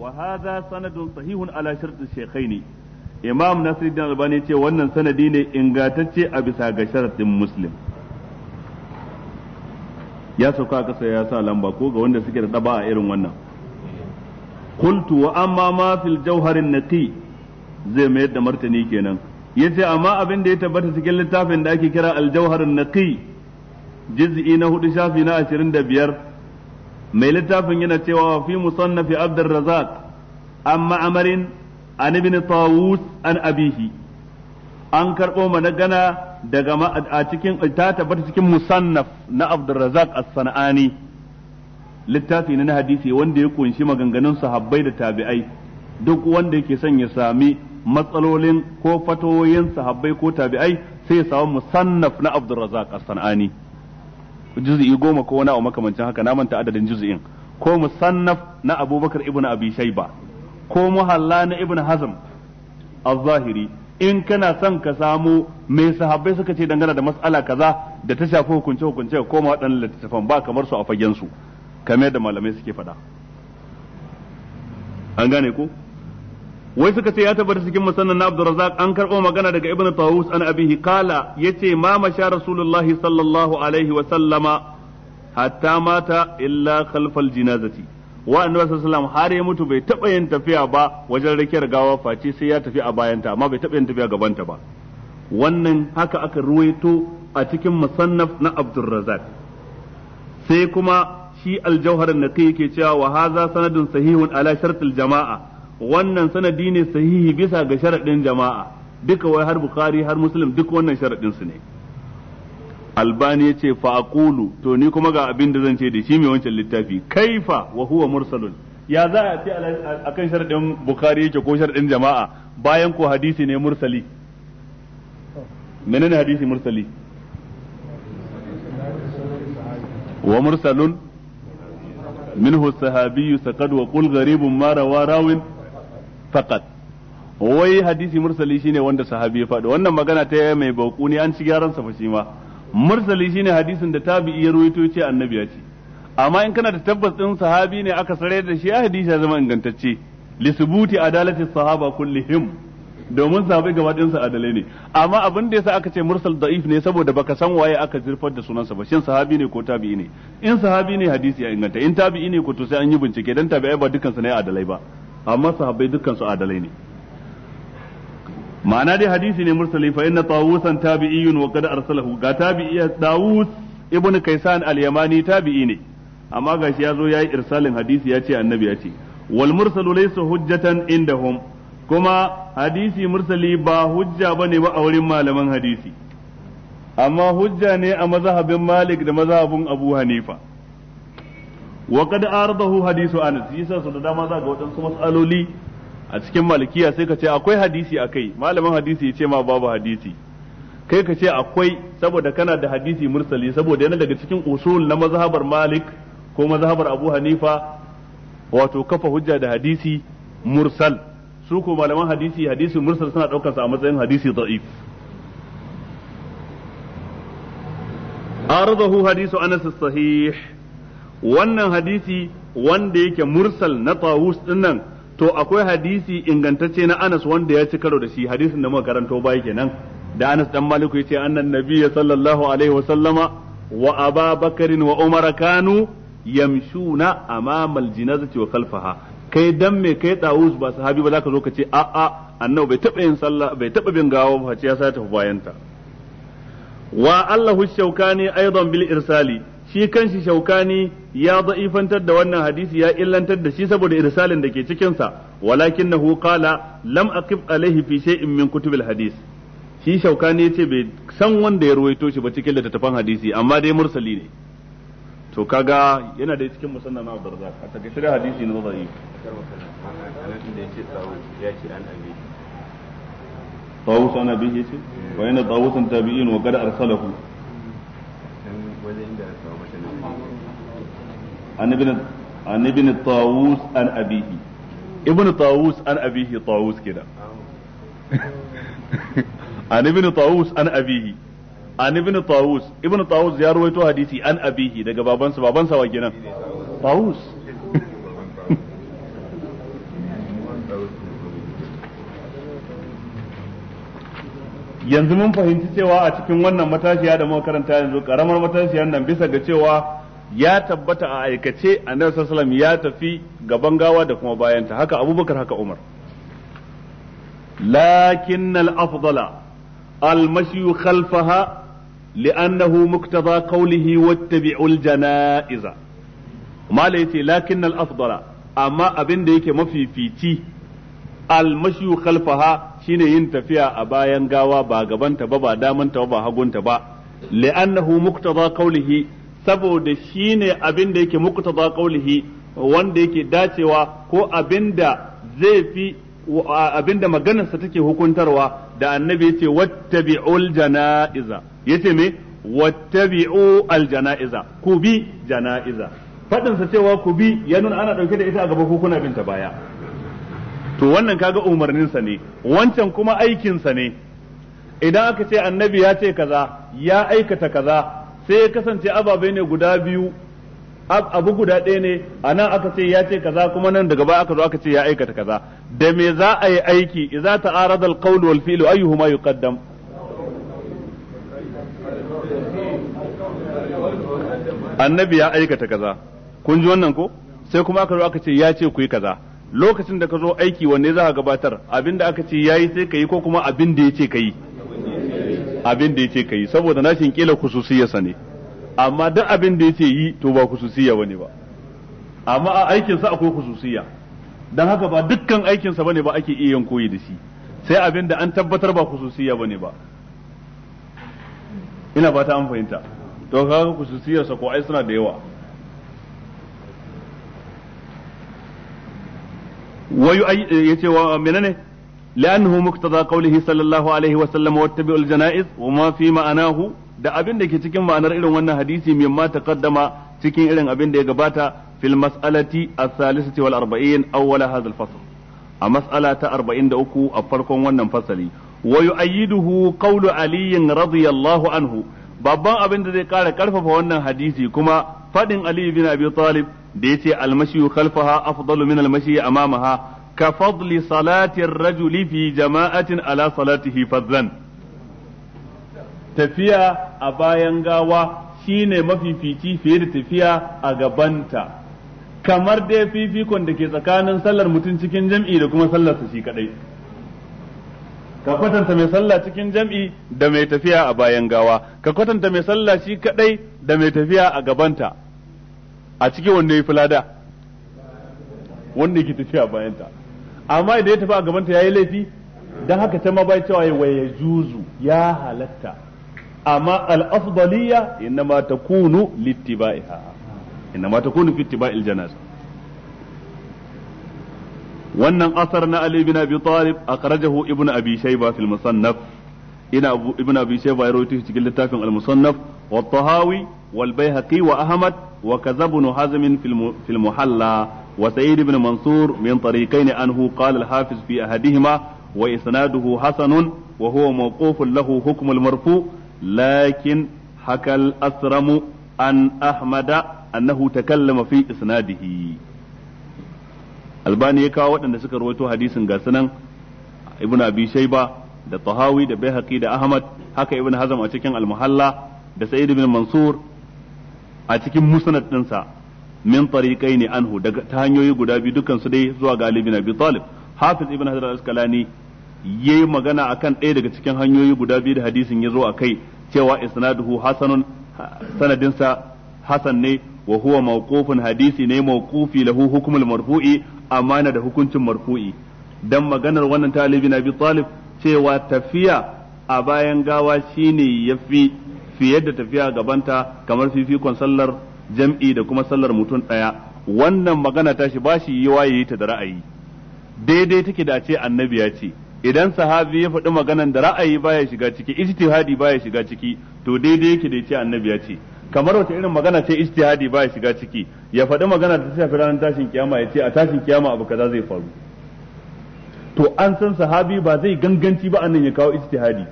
Wahaza sanadin sanadun sahihun ala shartu ne. imam nasiruddin albani ce wannan sanadi ne ingantacce a bisa ga sharatin muslim ya sauka a kasa ya sa lamba ko ga wanda suke da daba a irin wannan qultu wa amma ma fil jawharin naqi zai mayar da martani kenan yace amma abin da ya tabbata cikin littafin da ake kira al jawharun naqi juz'i na hudu shafi na 25 mai littafin yana cewa fi musannafi Abdurrazzaq an ma'amarin an ibn Tawus an abihi an karɓo managana daga a cikin ta tabbata cikin musannaf na Abdurrazzaq as sanaani littafi na hadisi wanda ya kunshi maganganun sahabbai da tabi'ai duk wanda yake son ya sami matsalolin ko fatoyin sahabbai ko tabi'ai sai ya samu musannaf na Abdurrazzaq as-Sanani juz'i goma ko wani abu makamancin haka na manta adadin juz'in ko musannaf na abubakar ibn abi shayba ko muhalla na ibn hazm az-zahiri in kana son ka samu mai sahabbai suka ce dangane da mas'ala kaza da ta shafi hukunce hukunce ko ma waɗannan littafan ba kamar su a fagen su kamar da malamai suke fada, an gane ko wai suka ce ya tabbata cikin musannan na Abdurrazzaq an karbo magana daga Ibn Tawus an abihi kala yace ma masha Rasulullah sallallahu alaihi wa sallama hatta mata illa khalfal jinazati wa annabi sallallahu har ya mutu bai taba yin tafiya ba wajen rakiyar gawa face sai ya tafi a bayanta amma bai taba yin tafiya ta ba wannan haka aka ruwaito a cikin musannaf na Abdurrazzaq sai kuma shi aljauhar naqi yake cewa wa hadha sanadun sahihun ala shartil jama'a wannan sanadi ne sahihi bisa ga sharaɗin jama'a duka wai har bukhari har muslim duk wannan sharaɗin su ne albani ya ce fa'aqulu to ni kuma ga abin da zan ce da shi mai wancan littafi kaifa wa huwa mursalun ya za a ce akan sharadin bukhari yake ko sharadin jama'a bayan ko hadisi ne mursali menene hadisi mursali wa mursalun minhu sahabiyyu saqad wa qul gharibun ma rawa rawin faqat wai hadisi mursali shine wanda sahabi ya faɗi wannan magana ta mai bauku ne an ci gyaran sa fa shi ma mursali shine hadisin da tabi'i ya ruwaito ce annabi ya ce amma in kana da tabbas din sahabi ne aka sare da shi hadisi ya zama ingantacce li subuti adalati sahaba kullihim domin sahabi gaba ɗinsa adalai ne amma abin da yasa aka ce mursal da'if ne saboda baka san waye aka zurfar da sa ba shin sahabi ne ko tabi'i ne in sahabi ne hadisi ya inganta in tabi'i ne ko to sai an yi bincike dan tabi'i ba dukkan sa ne adalai ba amma sahabbai dukkan su adalai ne ma'ana dai hadisi ne mursali fa inna tawusan tabi'iyyun wa qad arsalahu ga tabi'i Dawud ibn Kaysan al-Yamani tabi'i ne amma gashi ya zo yayi irsalin hadisi ya ce annabi ya ce wal mursalu laysa hujjatan indahum kuma hadisi mursali ba hujja bane ba a wurin malaman hadisi amma hujja ne a mazhabin Malik da mazhabin Abu Hanifa wa kad ardahu hadisu anas yisa su da dama za ga wadansu matsaloli a cikin malikiya sai ka ce akwai hadisi akai malamin hadisi ya ce ma babu hadisi kai ka ce akwai saboda kana da hadisi mursali saboda yana daga cikin usul na mazhabar malik ko mazhabar abu hanifa wato kafa hujja da hadisi mursal su ko malaman hadisi hadisi mursal suna daukar sa a matsayin hadisi da'if arzahu hadisu anas sahih wannan hadisi wanda yake mursal na tawus dinnan to akwai hadisi ingantacce na Anas wanda ya ci karo da shi hadisin da muka karanto baya kenan da Anas dan Maliku yace annan nabiyyi sallallahu alaihi wa sallama wa Aba Bakarin wa Umar kanu yamshuna amamal jinazati wa khalfaha kai dan me kai tawus ba sahabi ba zaka zo ka ce a a annabi bai taba yin sallah bai taba bin gawo ba ce ya sa ta bayanta wa Allahu shaukani aidan bil irsali shi kanshi shaukani ya da'ifantar da wannan hadisi ya illantar da shi saboda irsalin da ke cikinsa walakin na hukala lam aqif alaihi fi shay'in min kutubil hadis shi shaukani ya ce bai san wanda ya ruwaito shi ba cikin littattafan hadisi amma dai mursali ne to kaga yana da cikin musannan na Abdurrazzaq a takaitar da hadisi na zai yi طاووس عن ta وإن طاووسا wa gada arsalahu an ibn tawus an abihi ibn tawus an abihi tawus kenan an ibn tawus an abihi an ibn tawus ibn tawus ya ruwaito hadisi an abihi daga babansa babansa wa kenan tawus yanzu mun fahimci cewa a cikin wannan matashiya da makaranta yanzu karamar matashiyan nan bisa ga cewa ya tabbata a aikace annabi sallallahu ya tafi gaban gawa da kuma bayanta haka abubakar haka umar lakin al-afdala al-mashi khalfaha li'annahu muktaba qawlihi wattabi'u al-janaiza mala yace lakin al-afdala amma abin da yake mafifici al-mashi khalfaha shine yin tafiya a bayan gawa ba gabanta ba ba damanta ba ba hagunta ba li'annahu muktaba qawlihi saboda shi ne abin da yake muqtada qawlihi wanda yake dacewa ko abin da zai fi abin da maganarsa take hukuntarwa da annabi ce yace aljana'iza. janaiza ce me wattabi'u aljana'iza. ku bi janaiza Faɗinsa cewa ku bi ya nuna ana ɗauke da ita a gaba ko kuna binta baya to wannan kaga umarninsa ne wancan kuma aikinsa ne idan aka ce annabi ya ce kaza ya aikata kaza sai ya kasance ababe ne guda biyu abu guda ɗaya ne a nan aka ce ya ce kaza kuma nan daga baya aka zo aka ce ya aikata kaza da me za a yi aiki ta ta'arada al-qawl wal fi'lu ayyuhuma yuqaddam annabi ya aikata kaza kun ji wannan ko sai kuma aka zo aka ce ya ce ku yi kaza lokacin da ka zo aiki wanne za ka gabatar abin da aka ce yayi sai ka yi ko kuma abin da ya ce ka yi abin da ka kai saboda nashin kila khususiyarsa ne amma duk abin da yace yi to ba khususiyya bane ba amma a aikin sa akwai khususiyya dan haka ba dukkan aikin sa bane ba ake iya yin koyi da shi sai abin da an tabbatar ba khususiyya bane ba ina ba ta an fahimta to kaga khususiyar sa ko ai suna da yawa wayu eh, yace wa menene لأنه مقتضى قوله صلى الله عليه وسلم واتبعوا الجنائز وما في معناه da abin da ke cikin ma'anar irin wannan hadisi min ma taqaddama cikin irin abin da ya gabata fil mas'alati as-salisati wal arba'in awwala hadha al-fasl a mas'ala ta 43 a farkon wannan fasali wa yu'ayyiduhu qawlu ali radiyallahu anhu babban abin da zai kara karfafa wannan hadisi kuma fadin ali bin abi talib da yace al-mashyu khalfaha afdalu min al-mashyi amamaha ka fadli salatin rajuli fi jama'atin ala salatihi fadlan tafiya a bayan gawa shine mafifici fiye da tafiya a gabanta kamar dai fifikon da ke tsakanin sallar mutum cikin jam'i da kuma sallarsa shi kadai ka kwatanta mai sallah cikin jam'i da mai tafiya a bayan gawa ka kwatanta mai sallah shi kadai da mai tafiya a gabanta a cikin wanda ya fi lada wanda yake tafiya bayan bayanta amma idan ya tafi a gabanta yayi laifi don haka ta ma bai cewa wa juzu ya halatta amma al-afdaliyya innama takunu littiba'iha innama takunu fi ittiba'il janaza wannan asar na Ali bin Abi Talib akhrajahu Ibn Abi Shayba fil Musannaf ina Ibn Abi Shayba ya rawaito cikin littafin al-Musannaf wa Tahawi wal Baihaqi wa Ahmad wa Kazab ibn Hazm fil Muhalla وسعيد بن منصور من طريقين عنه قال الحافظ في أحدهما وإسناده حسن وهو موقوف له حكم المرفوع لكن حكى الأسرم عن أحمد أنه تكلم في إسناده albani ya kawo waɗanda suka rawaito hadisin ga sunan ibn abi shayba da tahawi da baihaqi da ahmad haka ibn hazm a cikin al-muhalla da sa'id ibn mansur a cikin musnad ɗinsa min ne anhu daga ta hanyoyi guda biyu dukkan su dai zuwa ga Ali bin Abi Talib Hafiz ibn Hajar al-Asqalani yayi magana akan ɗaya daga cikin hanyoyi guda biyu da hadisin ya zo akai cewa isnaduhu hasanun sanadinsa hasan ne wa huwa mawqufun hadisi ne mawqufi lahu hukmul marfu'i amana da hukuncin marfu'i dan maganar wannan ta Ali bin Abi Talib cewa tafiya a bayan gawa shine yafi fiye da tafiya gabanta kamar fifikon sallar jam'i da kuma sallar mutum ɗaya wannan magana tashi ba shi yi waye ta da ra'ayi daidai take da ce annabi ya ce idan sahabi ya faɗi maganan da ra'ayi baya shiga ciki ijtihadi baya shiga ciki to daidai yake da ce annabi ya ce kamar wata irin magana ce ijtihadi baya shiga ciki ya faɗi magana ta shafi ranar tashin kiyama ya ce a tashin kiyama abu kaza zai faru to an san sahabi ba zai ganganci ba annan ya kawo ijtihadi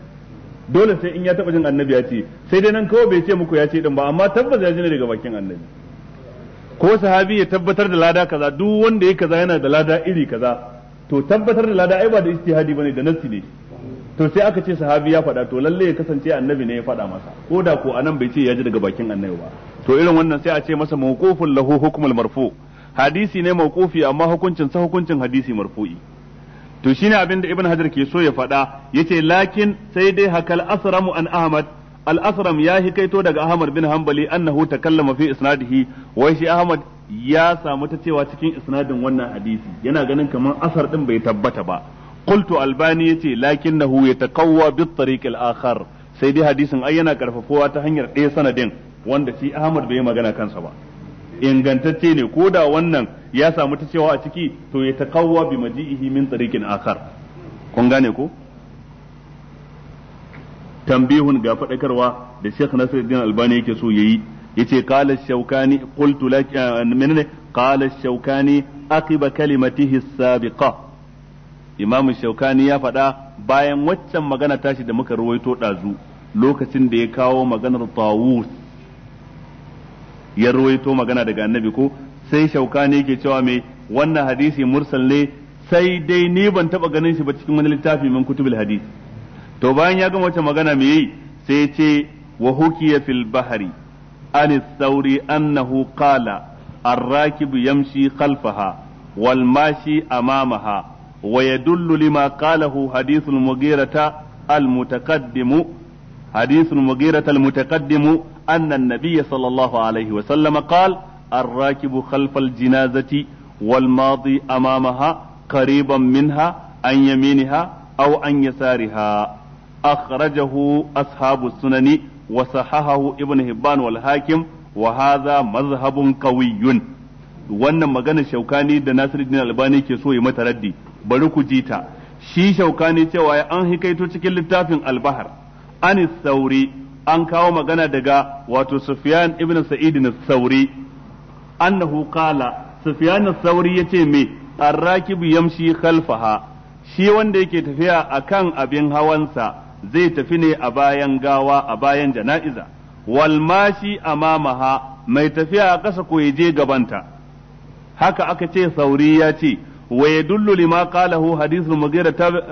dole sai in ya taba jin annabi ya ce sai dai nan kawai bai ce muku ya ce din ba amma tabbas ya ji ne daga bakin annabi ko sahabi ya tabbatar da lada kaza duk wanda ya kaza yana da lada iri kaza to tabbatar da lada ai ba da istihadi bane da nassi ne to sai aka ce sahabi ya faɗa to lalle ya kasance annabi ne ya faɗa masa ko da ko anan bai ce ya ji daga bakin annabi ba to irin wannan sai a ce masa mawqufun lahu hukmul marfu hadisi ne mawqufi amma hukuncin sa hukuncin hadisi marfu'i to shine abin da ibn hajar ke so ya faɗa yace lakin sai dai hakal asramu an ahmad al asram ya hikaito daga ahmad bin hanbali annahu takallama fi isnadihi wai shi ahmad ya samu ta cewa cikin isnadin wannan hadisi yana ganin kamar asar din bai tabbata ba qultu albani yace lakinnahu yatakawwa bi tariq al akhar sai dai hadisin ai yana karfafowa ta hanyar ɗaya sanadin wanda shi ahmad bai magana kansa ba ingantacce ne ko da wannan ya samu ta cewa a ciki to ya takawwa bi maji'ihi min tariqin akar kun gane ko tambihun ga fadakarwa da Sheikh Nasiruddin Albani yake so yayi yace qala shaukani qultu lak eh, menene qala shaukani aqiba kalimatihi sabiqa Imam shawkani ya faɗa bayan waccan magana tashi da muka ruwaito ɗazu lokacin da ya kawo maganar Tawus ya ruwaito magana daga annabi ko sai ne yake cewa mai wannan hadisi mursal ne sai dai ni ban taba ganin shi ba cikin wani littafi min kutubul hadis to bayan ya gama wata magana me yi sai ce wa hukiya fil bahri an sauri annahu qala الراكب يمشي خلفها والماشي أمامها ويدل لما قاله حديث المغيرة المتقدم حديث المغيرة المتقدم أن النبي صلى الله عليه وسلم قال الراكب خلف الجنازة والماضي أمامها قريبا منها عن يمينها أو عن يسارها أخرجه أصحاب السنن وصححه ابن هبان والحاكم وهذا مذهب قوي wannan maganar shaukani da Nasiruddin Albani ke so ya mata raddi bari ku jita shi shaukani cewa an hikaito cikin littafin albahar anis sauri an kawo magana daga wato Sufyan ibn Sa'id al Sa'uri. annahu qala Sufyan Sa'uri yace me ar-rakibu yamshi khalfaha shi wanda yake tafiya akan abin hawansa zai tafi ne a bayan gawa a bayan jana'iza wal mashi amamaha mai tafiya a ƙasa ko je gabanta haka aka ce sauri ya ce wa yadullu lima qalahu hadithul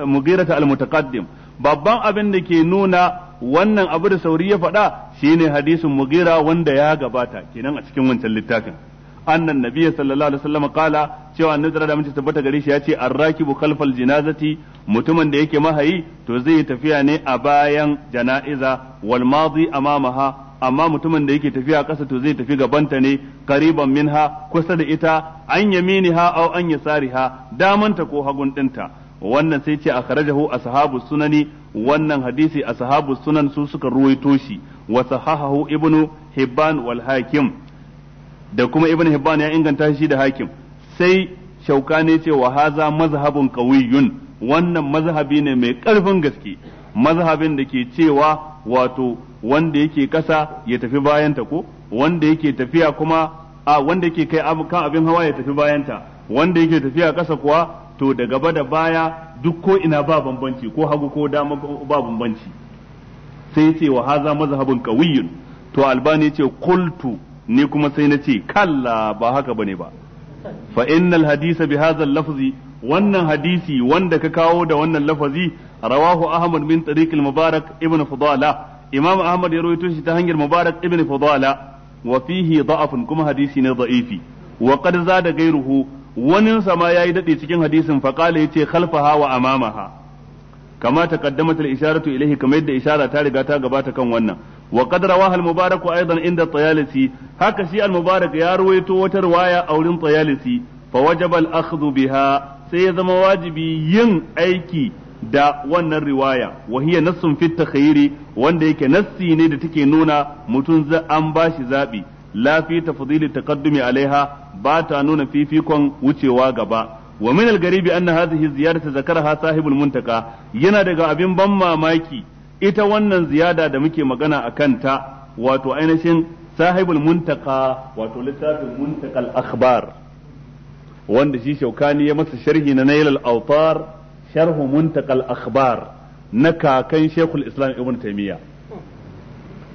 mughirata al-mutaqaddim babban abin da ke nuna wannan abu da sauri ya faɗa shine hadisin mugira wanda ya gabata kenan a cikin wancan littafin annan nabiyyi sallallahu alaihi wasallam kala cewa annabi da mace tabbata gare shi yace arrakibu khalfal janazati mutumin da yake mahayi to zai tafiya ne a bayan janaiza wal madi amamaha amma mutumin da yake tafiya kasa to zai tafi gabanta ne kariban minha kusa da ita an yaminiha aw an yasariha damanta ko hagun dinta wannan sai ce a a ashabu sunani wannan hadisi a sahabu sunan su suka ruwaito shi wa sahahahu ibnu hibban wal hakim da kuma ibnu hibban ya inganta shi da hakim sai ne ce wa haza mazhabun qawiyun wannan mazhabi ne mai karfin gaske mazhabin da ke cewa wato wanda yake kasa ya tafi bayanta ko wanda yake tafiya kuma a wanda yake kai kan abin hawa ya tafi bayanta wanda yake tafiya kasa kuwa to da gaba da baya duk ko ina ba bambanci ko hagu ko dama ba bambanci sai ce wa haza mazhabun qawiyyun to albani ce qultu ni kuma sai na ce kalla ba haka bane ba fa innal hadisa bi hadha lafzi wannan hadisi wanda ka kawo da wannan lafazi rawahu ahmad min tariq al-mubarak ibn fudala imam ahmad ya rawaito shi ta hanyar mubarak ibn fudala wa fihi da'afun kuma hadisi ne da'ifi wa qad zada ghayruhu sa sama yayi dade cikin hadisin fa qala yace khalfaha wa amamaha kama taqaddamat al-isharatu ilayhi kamar yadda ishara ta riga ta gabata kan wannan wa qad rawaha al-mubarak aidan inda tayalisi haka shi al-mubarak ya ruwaito wata riwaya a wurin tayalisi fa wajaba al-akhdhu biha sai ya zama wajibi yin aiki da wannan riwaya wa hiya nassun fit takhayyiri wanda yake nassi ne da take nuna mutum za an bashi zabi la fi tafdili taqaddumi alaiha ba ta nuna fifikon wucewa gaba wa min al-garibi anna hadhihi ziyadatu zakaraha sahibul muntaka yana daga abin ban mamaki ita wannan ziyada da muke magana akan ta wato ainihin sahibul muntaka wato littafin muntakal akhbar wanda shi shaukani ya masa sharhi na nail al-awtar sharhu muntakal akhbar na kakan shekul islam ibn taymiya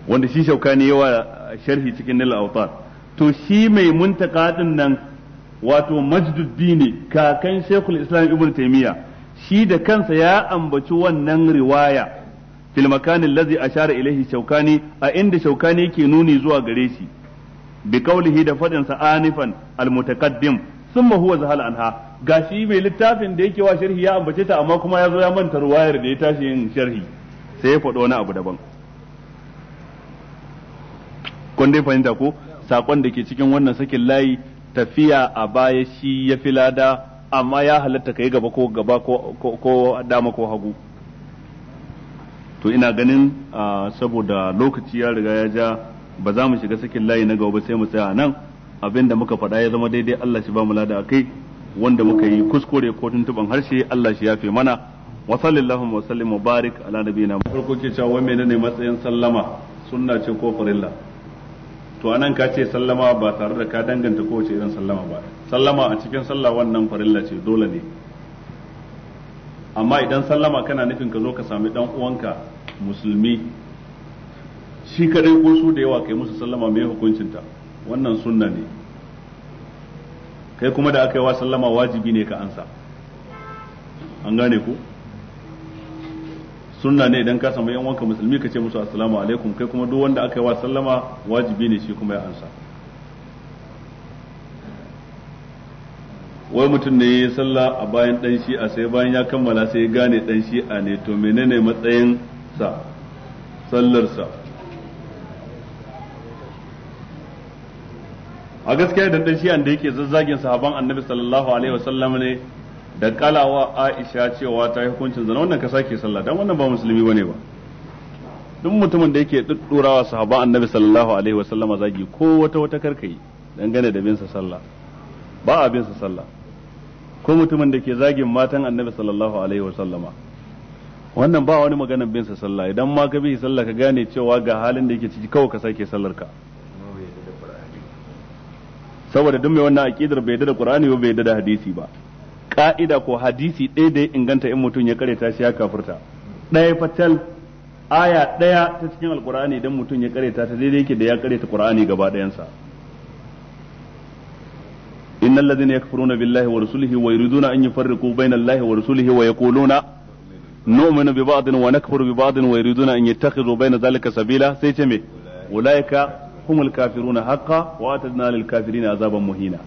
wanda shi shaukani yawa sharhi cikin nil awtar to shi mai muntaka din nan wato majduddin ne kakan shekul islam ibn taymiya shi da kansa ya ambaci wannan riwaya fil makan allazi ashara ilaihi shaukani a inda shaukani yake nuni zuwa gare shi bi kaulihi da fadin sa anifan al sun thumma huwa zahal anha ga shi mai littafin da yake wa sharhi ya ambace ta amma kuma ya zo ya manta riwayar da ya tashi yin sharhi sai ya faɗo wani abu daban kun dai fahimta ko sakon da ke cikin wannan sakin layi tafiya a baya shi ya fi lada amma ya halatta ka yi gaba ko gaba ko dama ko hagu to ina ganin saboda lokaci ya riga ya ja ba za mu shiga sakin layi na gaba sai mu tsaya nan abin da muka faɗa ya zama daidai Allah shi ba mu lada a kai wanda muka yi kuskure ko tuntuban harshe Allah shi ya fi mana wa sallallahu wa sallim barik ala nabiyina farko ke cewa wai menene matsayin sallama sunna ce ko farilla to anan ka ce sallama ba tare da ka danganta kowace irin sallama ba sallama a cikin sallah wannan farilla ce dole ne amma idan sallama kana nufin ka zo ka sami dan uwanka musulmi shi kadai ko su da yawa kai musu sallama mai hukuncinta wannan sunna ne kai kuma da aka yi wa sallama wajibi ne ka ansa an gane ku sunna ne idan ka samu yan wanka musulmi ka ce musu assalamu alaikum kai kuma duk wanda aka yi wa sallama wajibi ne shi kuma ya ansa wai mutum ne ya sallah a bayan dan a sai bayan ya kammala sai ya gane dan a ne to menene matsayin sa sallar a gaskiya da dan shi'an da yake zazzagin sahaban annabi sallallahu alaihi wasallam ne da kalawa Aisha cewa ta yi hukuncin zina wannan ka sake sallah dan wannan ba musulmi bane ba duk mutumin da yake duddurawa sahaba annabi sallallahu alaihi wasallama zagi ko wata wata karkai dangane da bin sa sallah ba a bin sa sallah ko mutumin da ke zagin matan annabi sallallahu alaihi wasallama wannan ba wani maganar bin sa sallah idan ma ka bi sallah ka gane cewa ga halin da yake ciki kawai ka sake sallar ka saboda duk mai wannan aqidar bai da Qur'ani ba bai da hadisi ba ka'ida ko hadisi ɗaya da ya inganta in mutum ya kareta shi ya kafirta ɗaya fatal aya ɗaya ta cikin alkur'ani idan mutum ya kareta ta daidai yake da ya ta qur'ani gaba ɗayansa innal ladhina yakfuruna billahi wa rusulihi wa yuriduna an yufarriqu bayna allahi wa rusulihi wa yaquluna nu'minu bi ba'din wa nakfuru bi ba'din wa yuriduna an yattakhidhu baina dhalika sabila sai ce me ulaika humul kafiruna haqqan wa atadna lil kafirina azaban muhina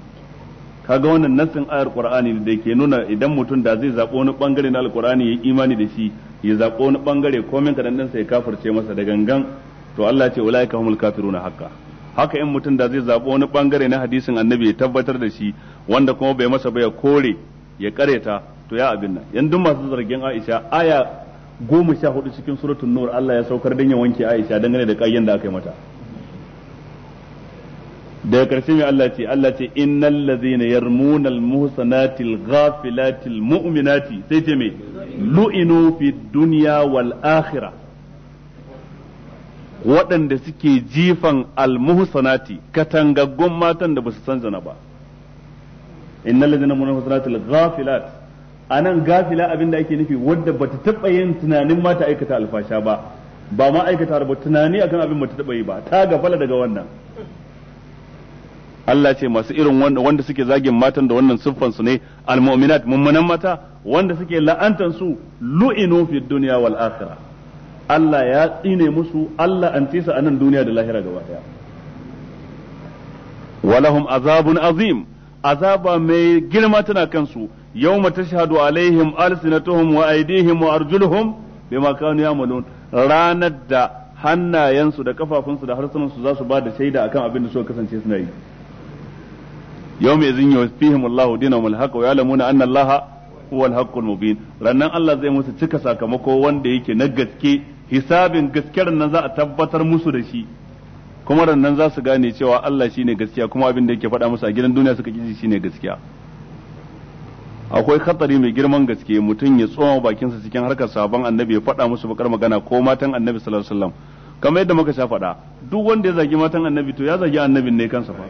kaga wannan nassin ayar qur'ani da ke nuna idan mutum da zai zabo wani bangare na alqur'ani yayi imani da shi ya zabo wani bangare komai kadan dan sai ya kafirce masa da gangan to Allah ya ce ulaika humul kafiruna haqqan haka in mutum da zai zabo wani bangare na hadisin annabi ya tabbatar da shi wanda kuma bai masa ba ya kore ya kareta to ya abin yan masu zargin Aisha aya goma sha hudu cikin suratul nur Allah ya saukar dan ya wanke Aisha dangane da kayyan da aka yi mata daga karshe mai Allah ce Allah ce innal ladzina yarmuna al muhsanati al ghafilati al mu'minati sai ce mai lu'inu fi dunya wal akhirah waɗanda suke jifan al muhsanati katangaggun matan da basu san zina ba innal ladzina yarmuna al muhsanati al ghafilat anan gafila abinda ake nufi wanda bata taba yin tunanin mata aikata alfasha ba ba ma aikata ba tunani akan abin bata taba yi ba ta gafala daga wannan Allah ce masu irin wanda, suke zagin matan da wannan siffan su ne almu'minat mummunan mata wanda suke la'antan su lu'inu fi dunya wal akhirah Allah ya tsine musu Allah an su a nan duniya da lahira gaba daya walahum azabun azim azaba mai girma tana kansu yawma tashhadu alaihim alsinatuhum wa aydihim wa arjuluhum bima kanu yamalun ranar da hannayensu da kafafunsu da harsunansu za su ba da shaida akan abin da suka kasance suna yi يوم idhin yuwaffihim الله دينهم الحق ويعلمون أن الله هو الحق المبين al الله زي موسى Allah zai musu cika sakamako wanda yake na gaske hisabin gaskiyar nan za a tabbatar musu da shi kuma rannan za su gane cewa Allah shine gaskiya kuma abin da yake faɗa musu a gidan duniya suka shine akwai khatari mai girman gaske mutum ya tsoma bakinsa cikin harkar sabon annabi ya faɗa musu bakar magana ko matan annabi sallallahu alaihi wasallam kamar yadda muka sha faɗa duk wanda ya zagi matan annabi to ya zagi annabin ne kansa fa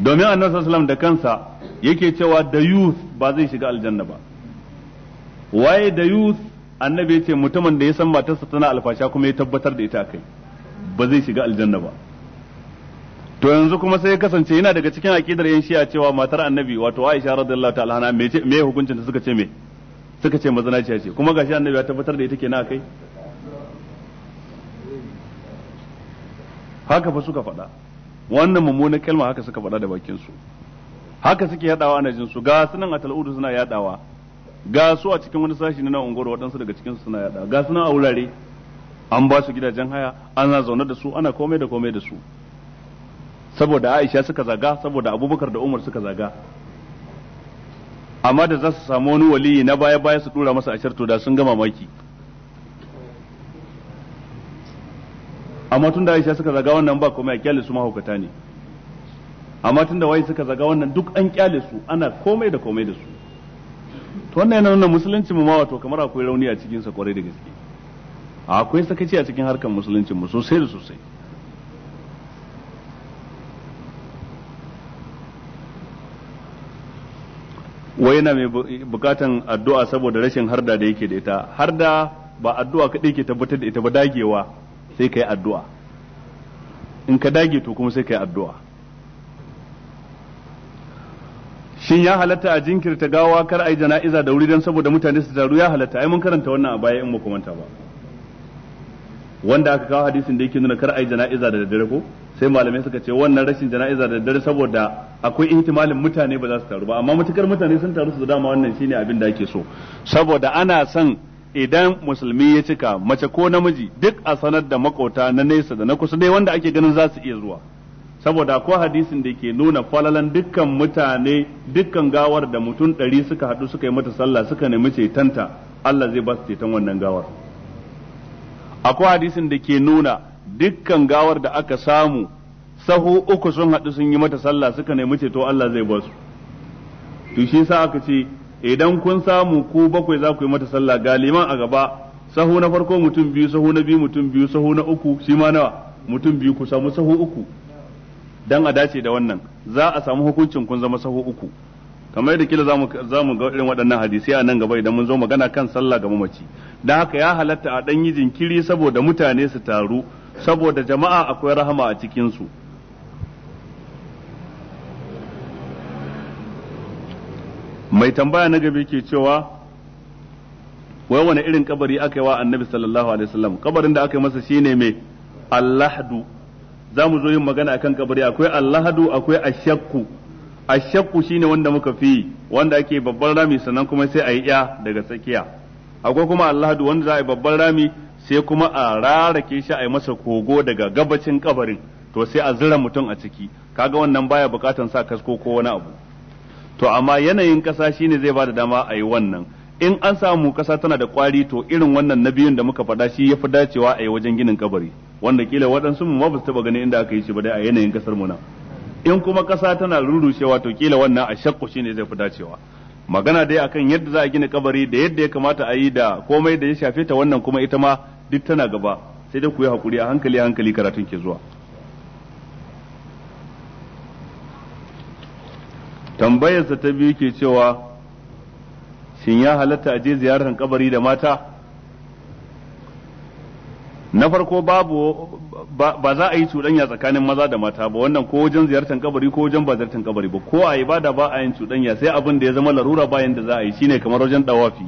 domin annabi sallallahu da kansa yake cewa da youth ba zai shiga aljanna ba waye da youth annabi yace mutumin da ya san matarsa tana alfasha kuma ya tabbatar da ita kai ba zai shiga aljanna ba to yanzu kuma sai ya kasance yana daga cikin akidar yan shi'a cewa matar annabi wato Aisha radiyallahu ta'ala anha me me hukuncin ta suka ce me suka ce mazinaciya ce kuma gashi annabi ya tabbatar da ita kenan akai haka fa suka faɗa wannan mummunan kalma haka suka faɗa da bakin su haka suke yadawa ana jin su ga sunan a tal'udu suna yadawa ga su a cikin wani sashi na unguwar waɗansu daga cikin su suna yadawa ga sunan a wurare an ba su gidajen haya ana zaune da su ana komai da komai da su saboda Aisha suka zaga saboda Abubakar da Umar suka zaga amma da za su samu wani waliyi na baya baya su ɗura masa ashar to da sun ga mamaki. amma tun da Aisha suka zaga wannan ba komai a kyale su mahaukata ne amma tun da wai suka zaga wannan duk an kyale su ana komai da komai da su to wannan yana nuna musulunci mu ma wato kamar akwai rauni a cikin sa kwarai da gaske akwai sakaci a cikin harkar musulunci mu sosai da sosai wai yana mai bukatan addu'a saboda rashin harda da yake da ita harda ba addu'a kaɗai ke tabbatar da ita ba dagewa sai ka yi addu'a in ka dage to kuma sai ka yi addu'a shin ya halatta a jinkirta gawa kar a yi jana'iza da wuri don saboda mutane su taru ya halatta ai mun karanta wannan a baya in muku manta ba wanda aka kawo hadisin da yake nuna kar a yi jana'iza da daddare ko sai malamai suka ce wannan rashin jana'iza da daddare saboda akwai ihtimalin mutane ba za su taru ba amma matukar mutane sun taru su da dama wannan shine abin da ake so saboda ana son idan musulmi ya cika mace ko namiji duk a sanar da makota na nesa da na kusa dai wanda ake ganin za su iya zuwa saboda ko hadisin da ke nuna falalan dukkan mutane dukkan gawar da mutum ɗari suka haɗu suka yi mata sallah suka nemi cetanta Allah zai ba su ceton wannan gawar akwai hadisin da ke nuna dukkan gawar da aka samu sahu uku sun haɗu sun yi mata sallah suka nemi ceto Allah zai ba su to shi yasa aka ce idan kun samu ku bakwai za ku yi mata sallah galiman a gaba sahu na farko mutum biyu sahu na biyu mutum biyu sahu na uku shi ma nawa mutum biyu ku samu sahu uku dan a dace da wannan za a samu hukuncin kun zama sahu uku kamar da kila za mu ga irin waɗannan hadisai a nan gaba idan mun zo magana kan sallah ga mamaci dan haka ya halatta a ɗan yi jinkiri saboda mutane su taru saboda jama'a akwai rahama a cikin su mai tambaya na gabe ke cewa wai wani irin kabari aka yi wa annabi sallallahu alaihi wasallam kabarin da aka yi masa shine mai allahdu za mu zo yin magana kan kabari akwai allahdu akwai ashakku ashakku shine wanda muka fi wanda ake babban rami sannan kuma sai a yi ya daga tsakiya akwai kuma allahdu wanda za a yi babban rami sai kuma a rarake shi a yi masa kogo daga gabacin kabarin to sai a zira mutum a ciki kaga wannan baya bukatan sa kasko ko wani abu to amma yanayin ƙasa shine zai ba da dama a yi wannan in an samu ƙasa tana da kwari to irin wannan na biyun da muka faɗa shi ya fi dacewa a yi wajen ginin kabari wanda kila waɗansu mu ma ba su taɓa gani inda aka yi shi ba dai a yanayin kasar mu nan in kuma kasa tana rurrushewa to kila wannan a shakku shine zai fi dacewa magana dai akan yadda za a gina kabari da yadda ya kamata a yi da komai da ya shafe ta wannan kuma ita ma duk tana gaba sai dai ku yi hakuri a hankali hankali karatun ke zuwa tambayarsa ta biyu ke cewa shin ya halatta a je ziyarar kabari da mata na farko babu ba za a yi cuɗanya tsakanin maza da mata ba wannan ko wajen ziyartar kabari ko wajen ba ziyartar kabari ba ko a ibada ba a yin cuɗanya sai abin da ya zama larura bayan da za a yi shine kamar wajen dawafi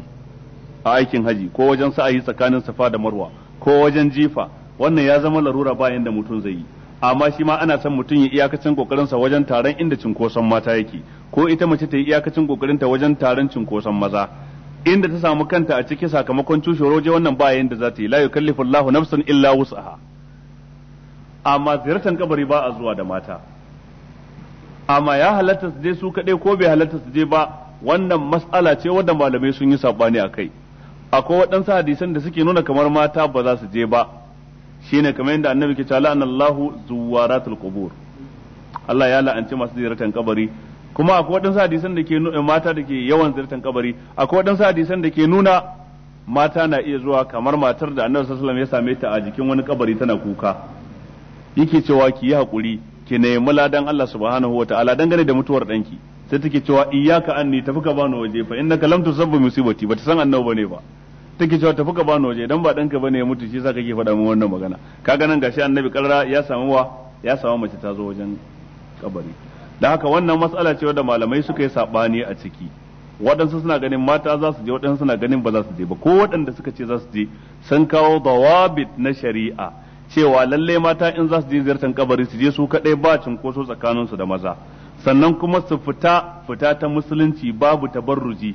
a aikin haji ko wajen sa'ayi tsakanin safa da marwa ko wajen jifa wannan ya zama larura bayan da mutum zai yi amma shi ma ana son mutum ya iyakacin kokarin sa wajen taron inda cinkoson mata yake ko ita mace ta yi iyakacin kokarin ta wajen taron cinkoson maza inda ta samu kanta a ciki sakamakon cushoro je wannan ba yayin da za ta yi la yukallifu Allahu nafsan illa wus'aha amma ziyartar kabari ba a zuwa da mata amma ya halatta su je su kaɗai ko bai halatta su je ba wannan mas'ala ce wadda malamai sun yi sabani a kai akwai waɗansu hadisan da suke nuna kamar mata ba za su je ba shine kamar yadda annabi ke cewa Allahu zuwaratul qubur Allah ya la'anci masu ziyartar kabari kuma akwai waɗansu hadisan da ke eh, mata da ke yawan ziyartar kabari akwai waɗansu hadisan da ke nuna mata na iya zuwa kamar matar da annabi sallallahu ya same ta a jikin wani kabari tana kuka yake cewa ki yi hakuri ki nemi ladan Allah subhanahu wataala dangane da mutuwar danki sai take cewa iyyaka anni tafi ka bani waje fa innaka lam tusabbu musibati bata san annabi bane ba take cewa tafi ka bani waje dan ba danka bane ya mutu shi yasa kake faɗa min wannan magana kaga nan gashi annabi karra ya samu wa ya samu mace ta zo wajen kabari da haka wannan matsala ce wadda malamai suka yi sabani a ciki waɗansu suna ganin mata za su je waɗansu suna ganin ba za su je ba ko waɗanda suka ce za su je sun kawo dawabit na shari'a cewa lallai mata in za su je ziyartar kabari su je su kaɗai ba tsakanin tsakaninsu da maza sannan kuma su fita fita ta musulunci babu tabarruji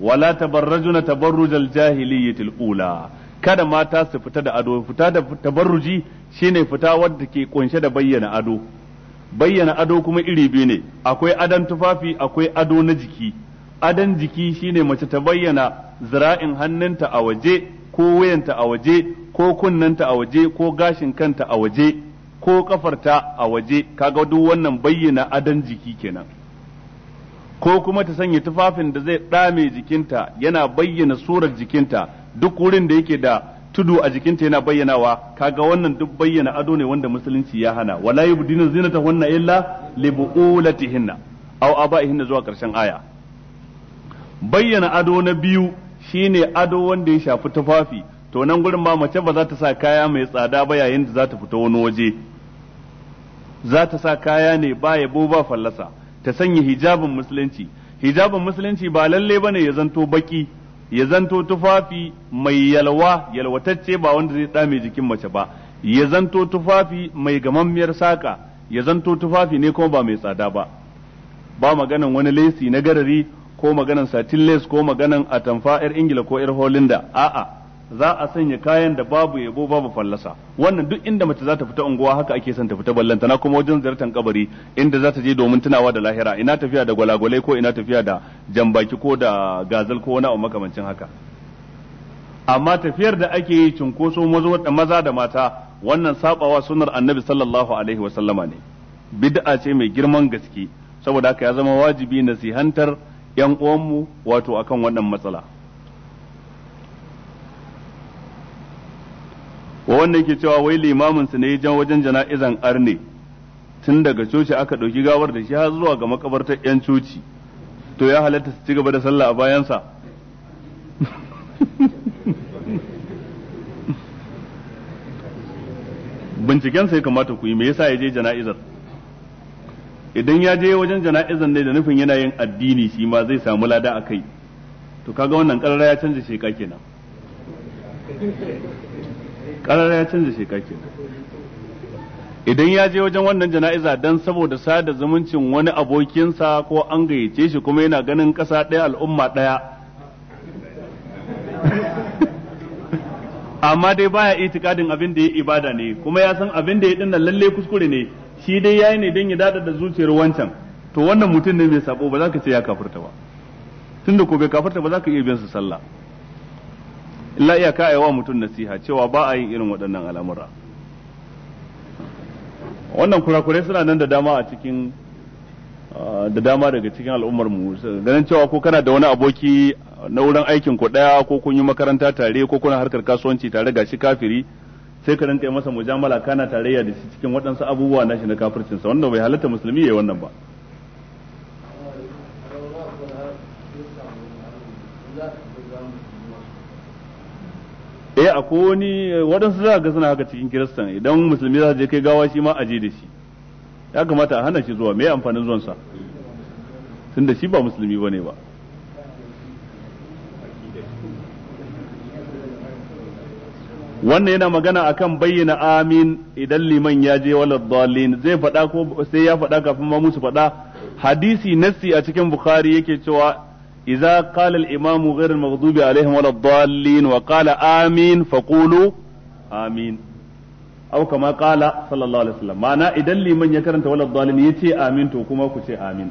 wala tabarrajuna tabarrujal jahiliyyatil ula kada mata su fita da ado fita da tabarruji shine fita wadda ke kunshe da bayyana ado bayyana ado kuma iri biyu ne akwai adon tufafi akwai ado na jiki adon jiki shine mace ta bayyana zira'in hannunta a waje ko wayanta a waje ko kunnanta a waje ko gashin kanta a waje ko kafarta a waje kaga duk wannan bayyana adon jiki kenan ko kuma ta sanya tufafin da zai ɗame jikinta yana bayyana surar jikinta duk wurin da yake da tudu a jikinta yana bayyanawa kaga wannan duk bayyana ado ne wanda musulunci ya hana wala yubdina wannan illa li bu'ulatihinna aw aba'ihinna zuwa karshen aya bayyana ado na biyu shine ado wanda ya shafi tufafi to nan gurin ma mace ba za ta sa kaya mai tsada ba yayin da za ta fita wani waje za ta sa kaya ne ba yabo ba fallasa ta sanya hijabin musulunci hijabin musulunci ba lalle bane ya zanto baki ya zanto tufafi mai yalwa yalwatacce ba wanda zai tsame jikin mace ba ya zanto tufafi mai gamammiyar saka ya zanto tufafi ne kuma ba mai tsada ba ba maganan wani lesi na garari ko maganan satin lace ko maganan atamfa yar ingila ko yar holinda a'a za a sanya kayan da babu yabo babu fallasa wannan duk inda mace za ta fita unguwa haka ake son ta fita ballantana kuma wajen ziyartar kabari inda za ta je domin tunawa da lahira ina tafiya da gwalagwalai ko ina tafiya da jambaki ko da gazal ko wani abu makamancin haka amma tafiyar da ake yi cunkoso maza da mata wannan sabawa sunnar annabi sallallahu alaihi wa sallama ne bid'a ce mai girman gaske saboda haka ya zama wajibi nasihantar yan uwanmu wato akan wannan matsala wa wanda yake cewa wai limamin su ne jan wajen jana'izan arne tun daga coci aka ɗauki gawar da shi har zuwa ga makabartar yan coci to ya halatta su ci gaba da sallah a bayansa binciken sai kamata ku yi me yasa ya je jana'izar idan ya je wajen jana'izar ne da nufin yana yin addini shi ma zai samu lada a kai to kaga wannan karara ya canza sheka kenan karara ya canza sheka kenan idan ya je wajen wannan jana'iza dan saboda sada zumuncin wani abokinsa ko an gayyace shi kuma yana ganin ƙasa ɗaya al'umma ɗaya amma dai baya itikadin abin da ya ibada ne kuma ya san abin da ya dinnan lalle kuskure ne shi dai yayi ne dan ya dada da zuciyar wancan to wannan mutum ne mai sabo ba za ka ce ya kafirta ba tunda ko bai kafirta ba za ka iya biyan su sallah illa iya a wa mutum nasiha cewa ba a yin irin waɗannan al'amura wannan kurakurai suna nan da dama a cikin da dama daga cikin al'ummar mu ganin cewa ko kana da wani aboki na wurin aikin ku ɗaya ko kun yi makaranta tare ko kuna harkar kasuwanci tare ga shi kafiri sai ka rinka masa mujamala kana tarayya da shi cikin waɗansu abubuwa na shi na kafircinsa wanda bai halatta musulmi ya yi wannan ba eh akwai wani eh, waɗansu za ga suna haka cikin kiristan idan musulmi za su je kai gawa shi ma a je da shi ya kamata a hana shi zuwa mai amfanin zuwansa da shi ba musulmi bane ba wannan yana magana akan bayyana amin idan liman ya je wala dalin zai faɗa ko sai ya faɗa kafin ma musu faɗa hadisi nassi a cikin bukhari yake cewa إذا قال الإمام غير المغضوب عليهم ولا الضالين وقال آمين فقولوا آمين أو كما قال صلى الله عليه وسلم معنى إذا لمن يكرنت ولا الضالين يتي آمين توكما كتي آمين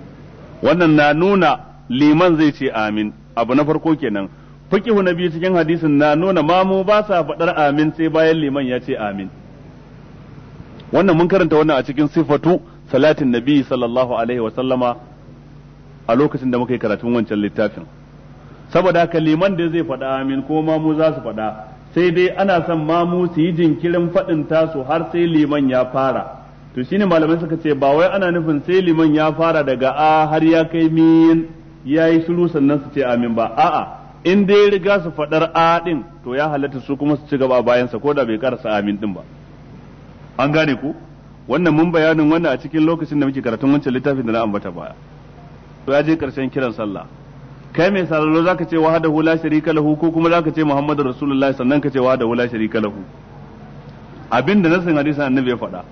wannan na nuna liman zai ce amin abu na farko kenan fikihu na biyu cikin hadisin na nuna mamu ba faɗar amin sai bayan liman ya ce amin wannan mun karanta wannan a cikin sifatu salatin nabi sallallahu alaihi wa sallama a lokacin da muka yi karatun wancan littafin saboda haka liman da zai faɗa amin ko mamu za su faɗa sai dai ana son mamu su yi jinkirin faɗin tasu har sai liman ya fara to shine malamai suka ce ba wai ana nufin sai liman ya fara daga a har ya kai min ya yi shiru sannan su ce amin ba a'a in dai riga su faɗar a ɗin to ya halatta su kuma su ci gaba bayansa ko da bai karasa amin ɗin ba an gane ku wannan mun bayanin wannan a cikin lokacin da muke karatun wancan littafin da na ambata baya to ya je karshen kiran sallah kai mai salalo zaka ce wahdahu la sharika lahu ko kuma zaka ce muhammadur rasulullahi sannan ka ce wahdahu la sharika lahu abinda nasin hadisin annabi ya faɗa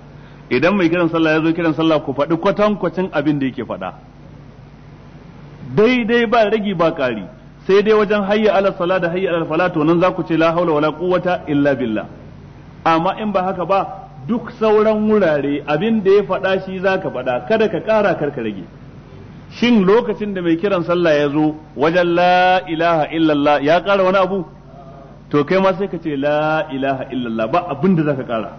idan mai kiran sallah ya zo kiran sallah ku faɗi kwatankwacin abin da yake faɗa daidai ba ragi ba ƙari sai dai wajen hayya ala sala da hayya ala fala nan za ku ce la haula wala quwwata illa billah amma in ba haka ba duk sauran wurare abin da ya faɗa shi zaka faɗa kada ka ƙara kar ka rage shin lokacin da mai kiran sallah ya zo wajen la ilaha illallah ya ƙara wani abu to kai ma sai ka ce la ilaha illallah ba abin da zaka ƙara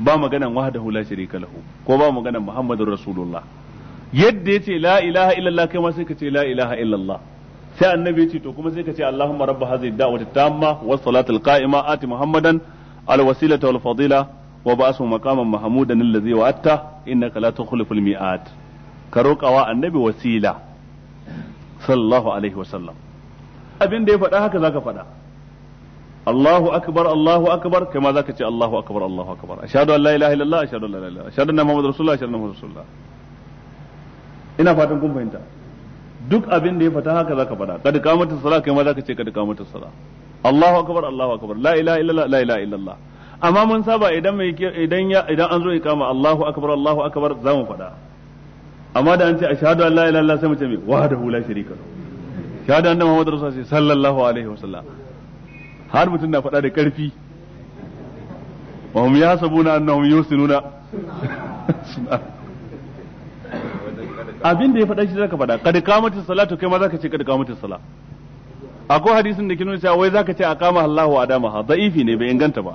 ba maganan wahdahu la sharika lahu ko ba maganan muhammadur rasulullah yadda ya ce la ilaha illallah kai ma sai ka ce la ilaha illallah sai annabi ya ce to kuma sai ka ce allahumma rabb hadhihi da'wati tamma was salatil qa'ima ati muhammadan al wasilata wal fadila wa ba'athu maqaman mahmudan alladhi wa'atta innaka la tukhlifu al mi'ad ka roƙawa annabi wasila sallallahu alaihi wasallam abin da ya faɗa haka zaka faɗa Allahu akbar Allahu akbar kai ma zaka ce Allahu akbar Allahu akbar ashhadu an la ilaha illallah ashhadu an la ilaha illallah ashhadu anna muhammadar rasulullah ashhadu anna muhammadar rasulullah ina fatan kun fahimta duk abin da ya faɗa haka zaka faɗa kad qamatus sala kai ma zaka ce kad qamatus sala Allahu akbar Allahu akbar la ilaha illallah la ilaha illallah amma mun saba idan mai idan idan an zo ikama Allahu akbar Allahu akbar zamu faɗa amma da an ce ashhadu an la ilaha illallah sai mu ce me wahdahu la sharika lahu shahada annabi Muhammadu Rasulullah sallallahu alaihi wasallam har mutum na faɗa da ƙarfi wa hum yasabuna annahum yusinuna abin da ya faɗa shi zaka faɗa kad qamatis salatu kai ma zaka ce kad qamatis sala akwai hadisin da kinu nuna cewa wai zaka ce aqama Allahu adamaha da'ifi ne bai inganta ba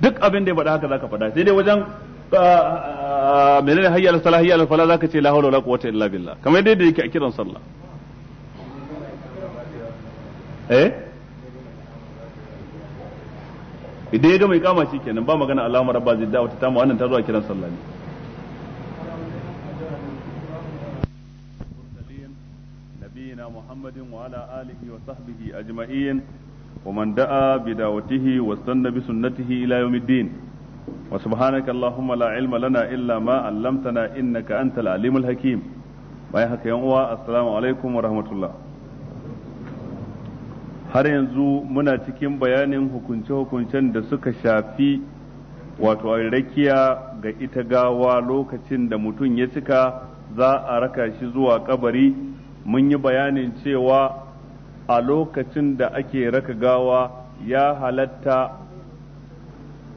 duk abin da ya faɗa haka zaka faɗa sai dai wajen menene hayya ala sala hayya ala fala zaka ce la hawla wala quwwata illa billah kamar dai da yake a kiran sallah eh idan ya gama ikama kenan ba magana Allahumma rabba zid da'wati tamma wannan ta zuwa kiran sallah ne نبينا محمد وعلى آله وصحبه أجمعين ومن دعا بدعوته واستنى بسنته إلى يوم الدين وسبحانك اللهم لا علم لنا إلا ما علمتنا إنك أنت العليم الحكيم bayan haka yan uwa assalamu alaikum wa rahmatullah har yanzu muna cikin bayanin hukunce-hukuncen da suka shafi wato rakiya ga ita gawa lokacin da mutum ya cika za a raka shi zuwa kabari mun yi bayanin cewa a lokacin da ake raka gawa ya halatta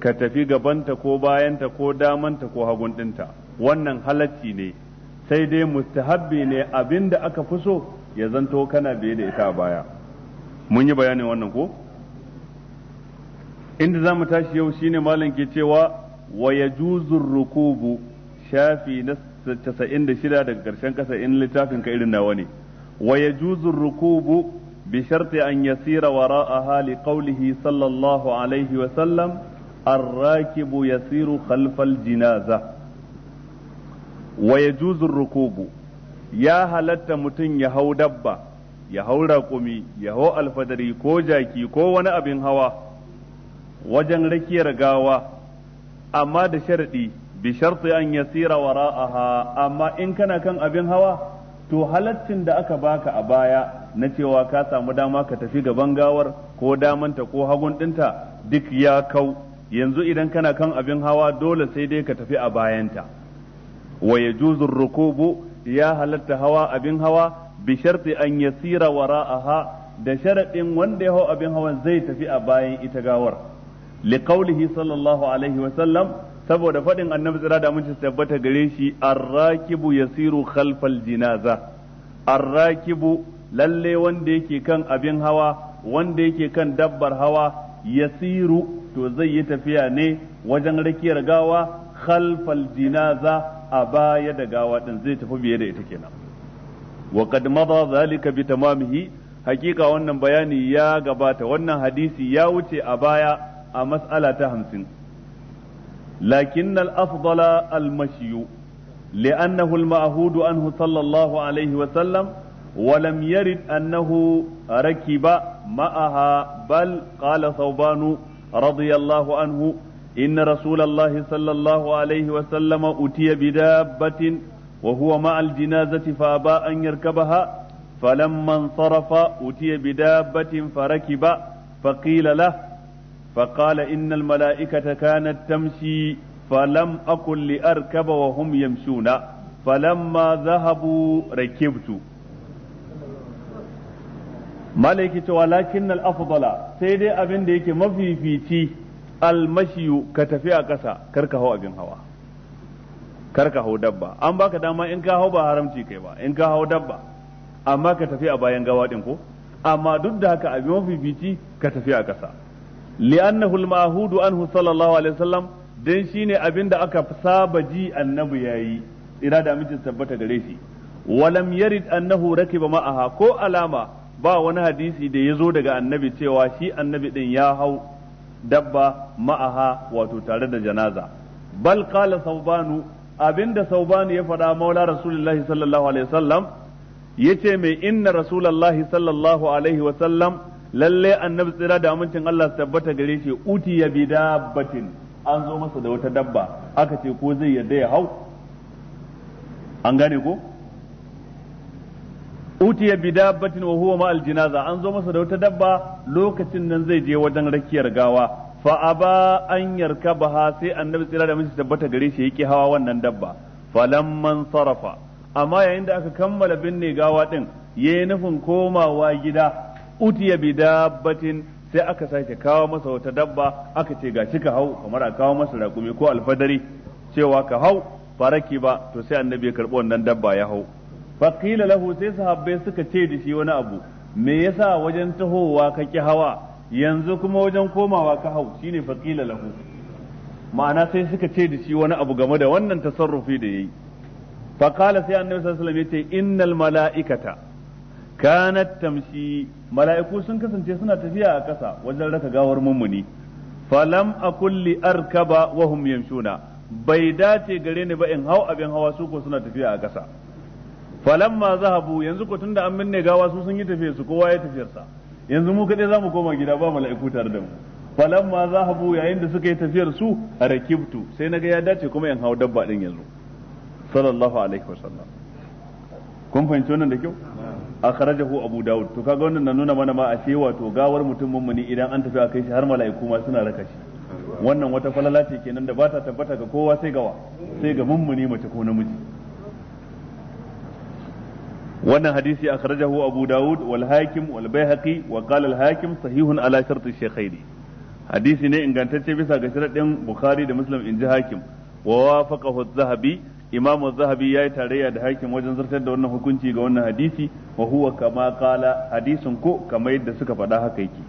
ka tafi gabanta ko bayanta ko damanta ko hagun ɗinta wannan halacci ne sai dai mustahabbi ne abinda aka fi so ya zanto kana biye da ita baya mun yi bayanin wannan ko inda za mu tashi yau shine malam ke cewa wa yajuzu rukubu shafi na 96 daga karshen kasa in littafin ka irin nawa ne wa yajuzu rukubu bi sharti an yasira wara'aha li qawlihi sallallahu alaihi wa sallam الراكب يسير خلف الجنازة ويجوز الركوب يا هلت متن يهو دبا يهو راقمي يهو الفدري كو جاكي كو وانا أبن هوا وجن ركي رقاوا أما da بشرط أن يسير an أما إن amma in kana kan abin hawa to halaccin da aka baka a baya na cewa ka samu dama ka tafi gaban gawar ko damanta ko hagun dinta duk ya kau yanzu idan kana kan abin hawa dole sai dai ka tafi a bayanta wa yajuzu rukubu ya halatta hawa abin hawa bi sharti an yasira wara'aha da sharadin wanda ya hau abin hawan zai tafi a bayan ita gawar li sallallahu alaihi wa sallam saboda faɗin annabi tsira da mun tabbata gare shi arrakibu yasiru khalfal jinaza arrakibu lalle wanda yake kan abin hawa wanda yake kan dabbar hawa yasiru to zai yi tafiya ne wajen rakiyar gawa khalfal jinaza a baya da gawa din zai tafi biye da ita kenan wa qad madha zalika bi tamamihi hakika wannan bayani ya gabata wannan hadisi ya wuce a baya a mas'ala ta hamsin lakin al-afdal al-mashyu li'annahu al-ma'hud anhu sallallahu alaihi wa sallam ولم يرد أنه ركب معها بل قال ثوبان رضي الله عنه إن رسول الله صلى الله عليه وسلم أتي بدابة وهو مع الجنازة فأبى أن يركبها فلما انصرف أتي بدابة فركب فقيل له فقال إن الملائكة كانت تمشي فلم أكن لأركب وهم يمشون فلما ذهبوا ركبت malai ce walakin na al afdala sai dai abin da yake mafifici al mashiyu ka tafi a ƙasa kar ka hau abin hawa kar ka hau dabba an baka dama in ka hau ba haramci kai ba in ka hau dabba amma ka tafi a bayan gawa din ko amma duk da haka abin mafifici ka tafi a ƙasa li'annahu al-ma'hudu anhu sallallahu alaihi wasallam dan shine abin da aka saba ji annabi yayi ira da amincin tabbata gare shi walam yarid annahu rakiba ma'aha ko alama ba wani hadisi da ya zo daga annabi cewa shi annabi din ya hau dabba ma'aha wato tare da janaza bal qala saubanu abinda saubanu ya faɗa maula rasulullahi sallallahu alaihi wasallam yace mai inna rasulullahi sallallahu alaihi wasallam lalle annabi tsira da amincin Allah su tabbata gare shi uti ya bi batin, an zo masa da wata dabba aka ce ko zai yadda ya hau an gane ko utiya bi dabbatin wa huwa ma'al jinaza an zo masa da wata dabba lokacin nan zai je wajen rakiyar gawa fa aba an yarkabaha sai annabi tsira da miji tabbata gare shi yake hawa wannan dabba man sarafa amma yayin da aka kammala binne gawa din yayi nufin komawa gida utiya bi dabbatin sai aka sake kawo masa wata dabba aka ce gashi ka hau kamar a kawo masa rakumi ko alfadari cewa ka hau faraki ba to sai annabi ya karbi wannan dabba ya hau faƙila lahu sai sahabbai suka ce da shi wani abu me yasa wajen tahowa ka ki hawa yanzu kuma wajen komawa ka hau shine faƙila lahu ma'ana sai suka ce da shi wani abu game da wannan tasarrufi da yayi faqala sai annabi sallallahu alaihi wasallam yace innal mala'ikata kanat tamshi mala'iku sun kasance suna tafiya a ƙasa wajen raka gawar mummuni falam akulli arkaba wa hum yamshuna bai dace gare ni ba in hau abin hawa su ko suna tafiya a ƙasa falamma zahabu yanzu ko tunda an binne gawa su sun yi tafiye su kowa ya tafiyar sa yanzu mu kadai zamu koma gida ba mala'iku tare da mu falamma zahabu yayin da suka yi tafiyar su rakibtu sai naga ya dace kuma yan hawo dabba din yanzu sallallahu alaihi wasallam kun fahimci wannan da kyau kharajahu abu daud to kaga wannan na nuna mana ma cewa wato gawar mutum mummuni idan an tafi a kai shi har mala'iku ma suna raka shi wannan wata falala ce kenan da ba ta tabbata ga kowa sai gawa sai ga mummuni mace ko namiji wannan hadisi akhrajahu abu dawud wal hakim wal baihaqi wa qala al hakim sahihun ala shart shaykhaini hadisi ne ingantacce bisa ga sharadin bukhari da muslim inji hakim wa wafaqahu az-zahabi imam az-zahabi yayi tarayya da hakim wajen zartar da wannan hukunci ga wannan hadisi wa huwa kama qala hadisin ko kamar yadda suka faɗa haka yake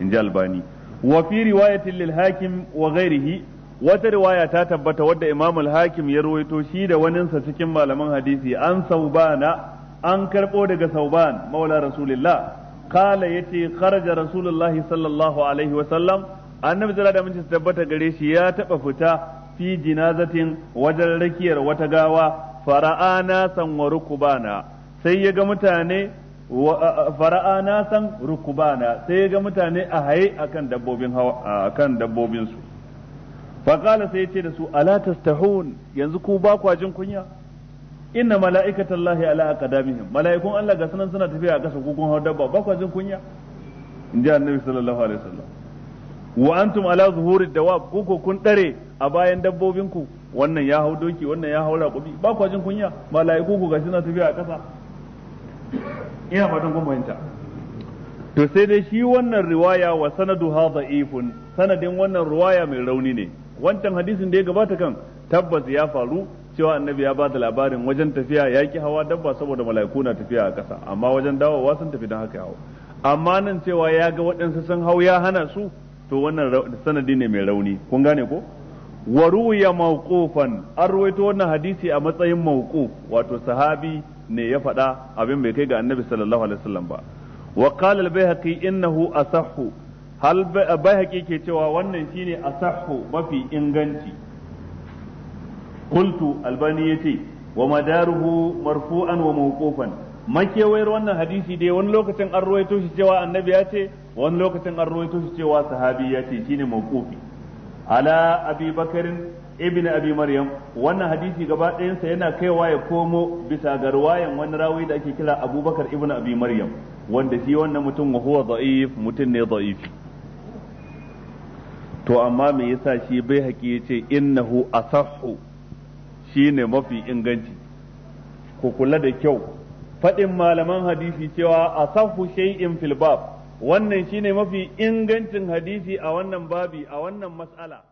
Inji albani wa fi riwayatin lil hakim wa ghairihi wata riwaya ta tabbata wadda imam al-hakim ya ruwaito shi da waninsa cikin malaman hadisi an saubana an karbo daga sauban maula rasulillah kala yace kharaja rasulullahi sallallahu alaihi wa sallam annabi zira da mun tabbata gare shi ya taba fita fi jinazatin wajen rakiyar wata gawa fara'ana san wa rukubana sai ya ga mutane fara'ana san rukubana sai ya ga mutane a haye akan dabbobin akan dabbobin su fa kala sai ya ce da su ala tastahun yanzu ku ba kwa jin kunya inna mala'ikatallahi ala aqdamihim mala'ikun Allah ga sunan suna tafiya a kasa kukun har dabba ba jin kunya in ji annabi sallallahu alaihi wasallam wa antum ala zuhuri dawab ku ko kun dare a bayan dabbobin ku wannan ya hau doki wannan ya hau raƙumi ba kwa jin kunya mala'iku ku ga suna tafiya a kasa ina fatan kun fahimta to sai dai shi wannan riwaya wa sanadu ha da'ifun sanadin wannan riwaya mai rauni ne wancan hadisin da ya gabata kan tabbas ya faru cewa annabi ya bada labarin wajen tafiya ya ki hawa dabba saboda mala'iku na tafiya a ƙasa amma wajen dawowa sun tafi don haka hawa amma nan cewa ya ga waɗansu sun hau ya hana su to wannan sanadi ne mai rauni kun gane ko wa ruwiya mawqufan an ruwaito wannan hadisi a matsayin mawquf wato sahabi ne ya faɗa abin bai kai ga annabi sallallahu alaihi wasallam ba wa qala al-baihaqi innahu asahhu hal baihaqi ke cewa wannan shine asahhu mafi inganci qultu albani yace wa madaruhu marfu'an wa mawqufan makewayar wannan hadisi dai wani lokacin an ruwaito shi cewa annabi yace ce wani lokacin an ruwaito shi cewa sahabi ya ce shine mawqufi ala abi bakarin ibn abi maryam wannan hadisi gaba ɗayansa yana kaiwa ya komo bisa ga wani rawai da ake kira abubakar ibn abi maryam wanda shi wannan mutum wa huwa mutum ne da'ifi to amma me yasa shi bai haƙi yace innahu asahhu Shi ne mafi inganci ku kula da kyau faɗin malaman hadisi cewa safu shay'in fil bab wannan shi ne mafi ingancin hadisi a wannan babi a wannan mas'ala